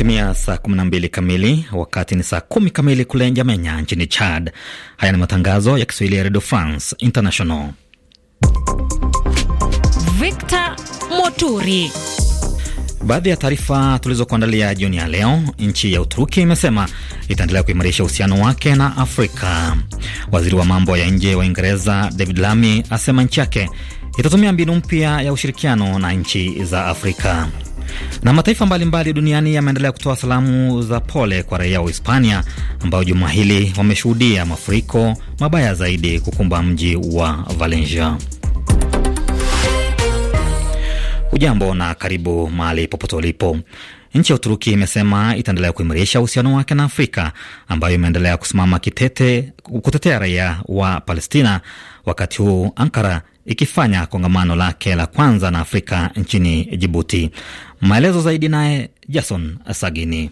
Imetimia saa 12 kamili, wakati ni saa kumi kamili kule Njamenya nchini Chad. Haya ni matangazo ya Kiswahili ya Redio France International. Victor Moturi. Baadhi ya taarifa tulizokuandalia jioni ya leo: nchi ya Uturuki imesema itaendelea kuimarisha uhusiano wake na Afrika. Waziri wa mambo ya nje wa Uingereza David lami asema nchi yake itatumia mbinu mpya ya ushirikiano na nchi za Afrika. Na mataifa mbalimbali duniani yameendelea kutoa salamu za pole kwa raia wa Hispania ambao juma hili wameshuhudia mafuriko mabaya zaidi kukumba mji wa Valencia. Ujambo na karibu mahali popote ulipo. Nchi ya Uturuki imesema itaendelea kuimarisha uhusiano wake na Afrika ambayo imeendelea kusimama kitete kutetea raia wa Palestina, wakati huu Ankara ikifanya kongamano lake la kwanza na Afrika nchini Jibuti. Maelezo zaidi naye Jason Sagini.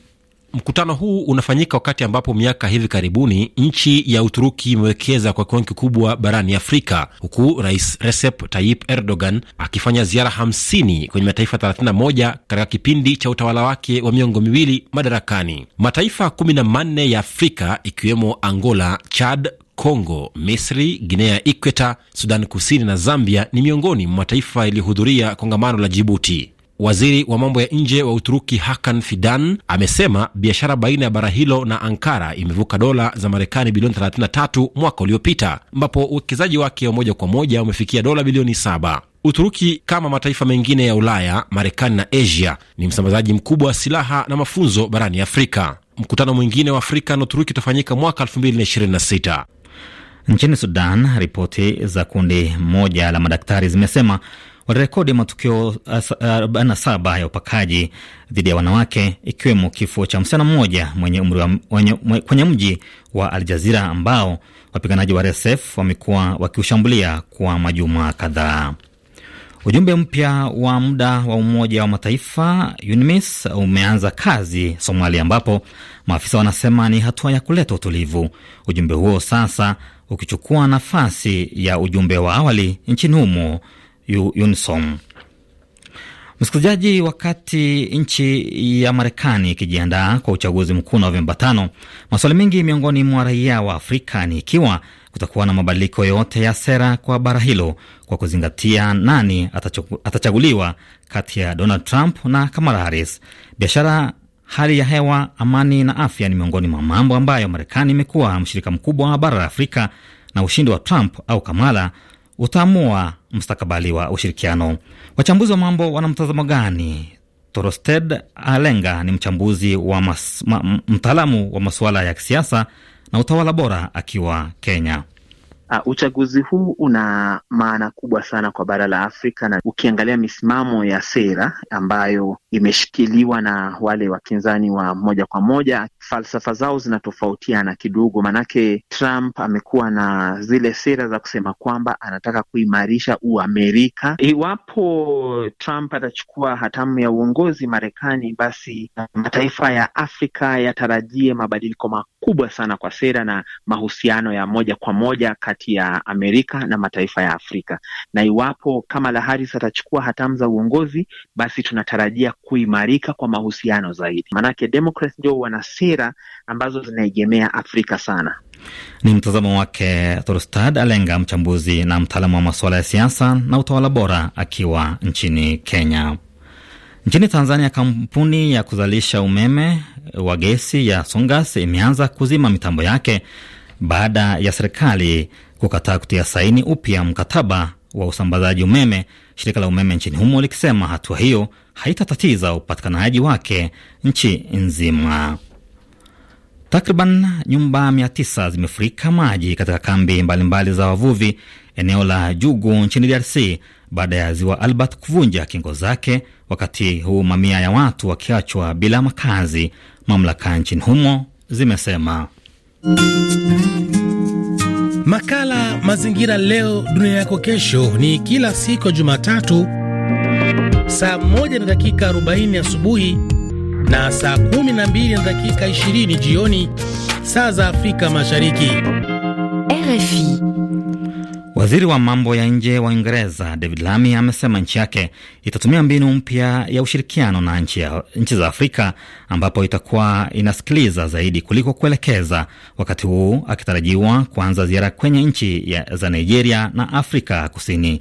Mkutano huu unafanyika wakati ambapo miaka hivi karibuni nchi ya Uturuki imewekeza kwa kiwango kikubwa barani Afrika, huku Rais Recep Tayyip Erdogan akifanya ziara 50 kwenye mataifa 31 katika kipindi cha utawala wake wa miongo miwili madarakani. Mataifa kumi na manne ya Afrika ikiwemo Angola, Chad, Kongo, Misri, Guinea Ikweta, Sudani Kusini na Zambia ni miongoni mwa mataifa yaliyohudhuria kongamano la Jibuti. Waziri wa mambo ya nje wa Uturuki Hakan Fidan amesema biashara baina ya bara hilo na Ankara imevuka dola za Marekani bilioni 33 mwaka uliopita, ambapo uwekezaji wake wa moja kwa moja umefikia dola bilioni 7. Uturuki kama mataifa mengine ya Ulaya, Marekani na Asia ni msambazaji mkubwa wa silaha na mafunzo barani Afrika. Mkutano mwingine wa Afrika na Uturuki utafanyika mwaka 2026. Nchini Sudan, ripoti za kundi moja la madaktari zimesema walirekodi matukio 47 uh, uh, ya upakaji dhidi ya wanawake ikiwemo kifo cha msichana mmoja mwenye umri kwenye mji wa Aljazira ambao wapiganaji wa RSF wamekuwa wakiushambulia kwa majuma kadhaa. Ujumbe mpya wa muda wa Umoja wa Mataifa UNMISS umeanza kazi Somalia, ambapo maafisa wanasema ni hatua ya kuleta utulivu. Ujumbe huo sasa ukichukua nafasi ya ujumbe wa awali nchini humo UNSOM. Msikilizaji, wakati nchi ya Marekani ikijiandaa kwa uchaguzi mkuu Novemba tano, maswali mengi miongoni mwa raia wa Afrika ni ikiwa kutakuwa na mabadiliko yoyote ya sera kwa bara hilo kwa kuzingatia nani atachaguliwa kati ya Donald Trump na Kamala Harris. Biashara hali ya hewa, amani na afya ni miongoni mwa mambo ambayo Marekani imekuwa mshirika mkubwa wa bara la Afrika, na ushindi wa Trump au Kamala utaamua mstakabali wa ushirikiano. Wachambuzi wa mambo wana mtazamo gani? Torosted Alenga ni mchambuzi wa mas, ma, mtaalamu wa masuala ya kisiasa na utawala bora akiwa Kenya. Uh, uchaguzi huu una maana kubwa sana kwa bara la Afrika na ukiangalia misimamo ya sera ambayo imeshikiliwa na wale wakinzani wa moja kwa moja, falsafa zao zinatofautiana kidogo. Manake Trump amekuwa na zile sera za kusema kwamba anataka kuimarisha Uamerika. Iwapo Trump atachukua hatamu ya uongozi Marekani, basi mataifa ya Afrika yatarajie mabadiliko makubwa sana kwa sera na mahusiano ya moja kwa moja kati kati ya Amerika na mataifa ya Afrika, na iwapo Kamala Harris atachukua hatamu za uongozi, basi tunatarajia kuimarika kwa mahusiano zaidi, maanake Democrats ndio wana sera ambazo zinaegemea Afrika sana. Ni mtazamo wake Thorstad Alenga, mchambuzi na mtaalamu wa masuala ya siasa na utawala bora, akiwa nchini Kenya. Nchini Tanzania, kampuni ya kuzalisha umeme wa gesi ya Songas imeanza kuzima mitambo yake baada ya serikali kukataa kutia saini upya mkataba wa usambazaji umeme, shirika la umeme nchini humo likisema hatua hiyo haitatatiza upatikanaji wake nchi nzima. Takriban nyumba mia tisa zimefurika maji katika kambi mbalimbali mbali za wavuvi eneo la Jugu nchini DRC baada ya ziwa Albert kuvunja kingo zake, wakati huu mamia ya watu wakiachwa bila makazi, mamlaka nchini humo zimesema Makala Mazingira Leo Dunia Yako Kesho ni kila siku ya Jumatatu saa moja na dakika 40 asubuhi na saa 12 na dakika 20 jioni saa za Afrika Mashariki. RFI Waziri wa mambo ya nje wa Uingereza David Lammy amesema nchi yake itatumia mbinu mpya ya ushirikiano na nchi, ya, nchi za Afrika ambapo itakuwa inasikiliza zaidi kuliko kuelekeza, wakati huu akitarajiwa kuanza ziara kwenye nchi za Nigeria na Afrika Kusini.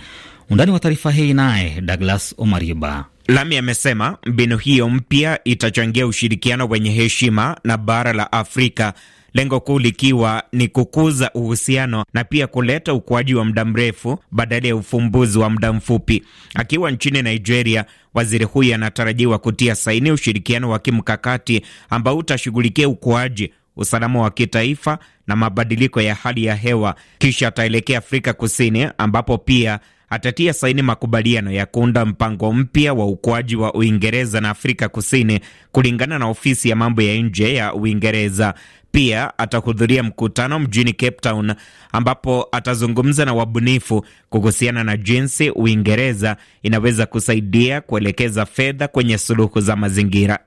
Undani wa taarifa hii naye Douglas Omariba. Lami amesema mbinu hiyo mpya itachangia ushirikiano wenye heshima na bara la Afrika lengo kuu likiwa ni kukuza uhusiano na pia kuleta ukuaji wa muda mrefu badala ya ufumbuzi wa muda mfupi. Akiwa nchini Nigeria, waziri huyu anatarajiwa kutia saini ushirikiano wa kimkakati ambao utashughulikia ukuaji usalama wa kitaifa na mabadiliko ya hali ya hewa. Kisha ataelekea Afrika Kusini ambapo pia atatia saini makubaliano ya kuunda mpango mpya wa ukuaji wa Uingereza na Afrika Kusini, kulingana na ofisi ya mambo ya nje ya Uingereza. Pia atahudhuria mkutano mjini Cape Town ambapo atazungumza na wabunifu kuhusiana na jinsi Uingereza inaweza kusaidia kuelekeza fedha kwenye suluhu za mazingira.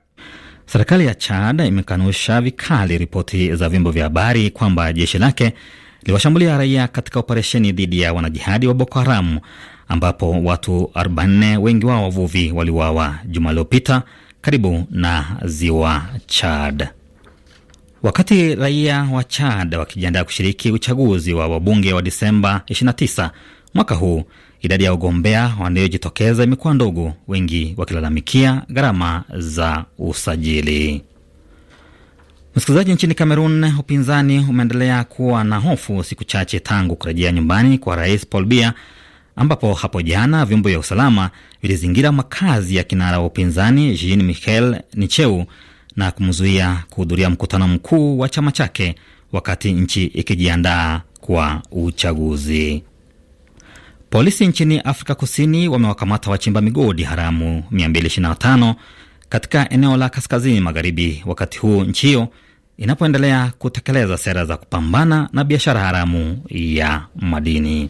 Serikali ya Chad imekanusha vikali ripoti za vyombo vya habari kwamba jeshi lake liwashambulia raia katika operesheni dhidi ya wanajihadi wa Boko Haram ambapo watu 44 wengi wao wavuvi waliuawa juma lililopita karibu na ziwa Chad. Wakati raia wa Chad wakijiandaa kushiriki uchaguzi wa wabunge wa Disemba 29 mwaka huu, idadi ya wagombea wanayojitokeza imekuwa ndogo, wengi wakilalamikia gharama za usajili. Msikilizaji, nchini Kamerun upinzani umeendelea kuwa na hofu siku chache tangu kurejea nyumbani kwa rais Paul Bia, ambapo hapo jana vyombo vya usalama vilizingira makazi ya kinara wa upinzani Jean Michel Nicheu na kumzuia kuhudhuria mkutano mkuu wa chama chake wakati nchi ikijiandaa kwa uchaguzi. Polisi nchini Afrika Kusini wamewakamata wachimba migodi haramu 225 katika eneo la kaskazini magharibi, wakati huu nchi hiyo inapoendelea kutekeleza sera za kupambana na biashara haramu ya madini.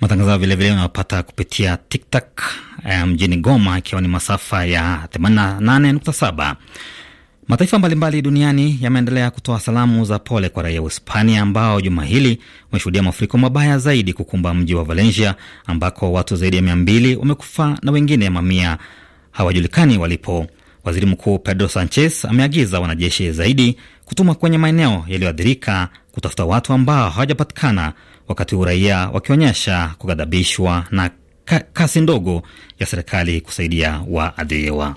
Matangazo hayo vilevile unapata kupitia TikTok eh, mjini Goma, ikiwa ni masafa ya 88.7. Mataifa mbalimbali duniani yameendelea kutoa salamu za pole kwa raia wa Hispania ambao juma hili wameshuhudia mafuriko mabaya zaidi kukumba mji wa Valencia ambako watu zaidi ya mia mbili wamekufa na wengine mamia hawajulikani walipo. Waziri Mkuu Pedro Sanchez ameagiza wanajeshi zaidi kutumwa kwenye maeneo yaliyoathirika kutafuta watu ambao hawajapatikana wakati huu wakionyesha kughadhabishwa na kasi ndogo ya serikali kusaidia waadhiriwa.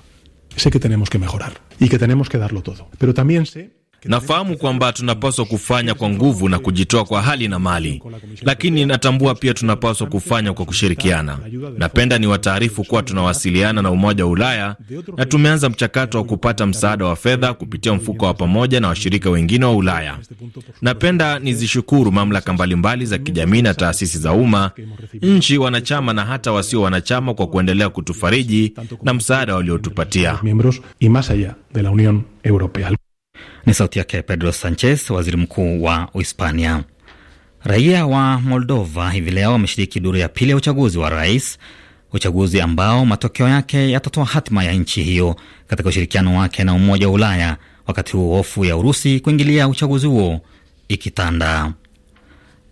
Sé que tenemos que mejorar y que tenemos que darlo todo pero también sé Nafahamu kwamba tunapaswa kufanya kwa nguvu na kujitoa kwa hali na mali, lakini natambua pia tunapaswa kufanya kwa kushirikiana. Napenda ni wataarifu kuwa tunawasiliana na Umoja wa Ulaya na tumeanza mchakato wa kupata msaada wa fedha kupitia mfuko wa pamoja na washirika wengine wa Ulaya. Napenda nizishukuru mamlaka mbalimbali za kijamii na taasisi za umma, nchi wanachama na hata wasio wanachama kwa kuendelea kutufariji na msaada waliotupatia. Ni sauti yake Pedro Sanchez, waziri mkuu wa Uhispania. Raia wa Moldova hivi leo wameshiriki duru ya pili ya uchaguzi wa rais, uchaguzi ambao matokeo yake yatatoa hatima ya nchi hiyo katika ushirikiano wake na Umoja wa Ulaya, wakati huo hofu ya Urusi kuingilia uchaguzi huo ikitanda.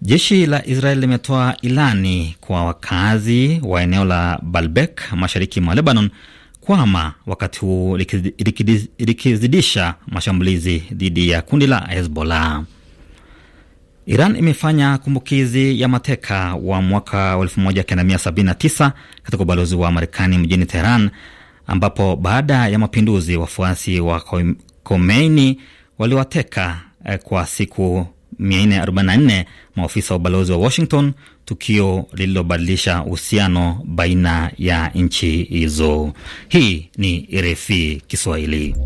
Jeshi la Israel limetoa ilani kwa wakazi wa eneo la Balbek mashariki mwa Lebanon kwama wakati huu likizidisha mashambulizi dhidi ya kundi la Hezbollah. Iran imefanya kumbukizi ya mateka wa mwaka 1979 katika ubalozi wa Marekani mjini Teheran, ambapo baada ya mapinduzi wafuasi wa Khomeini waliwateka eh, kwa siku 444 maofisa wa ubalozi wa Washington, tukio lililobadilisha uhusiano baina ya nchi hizo. Hii ni RFI Kiswahili.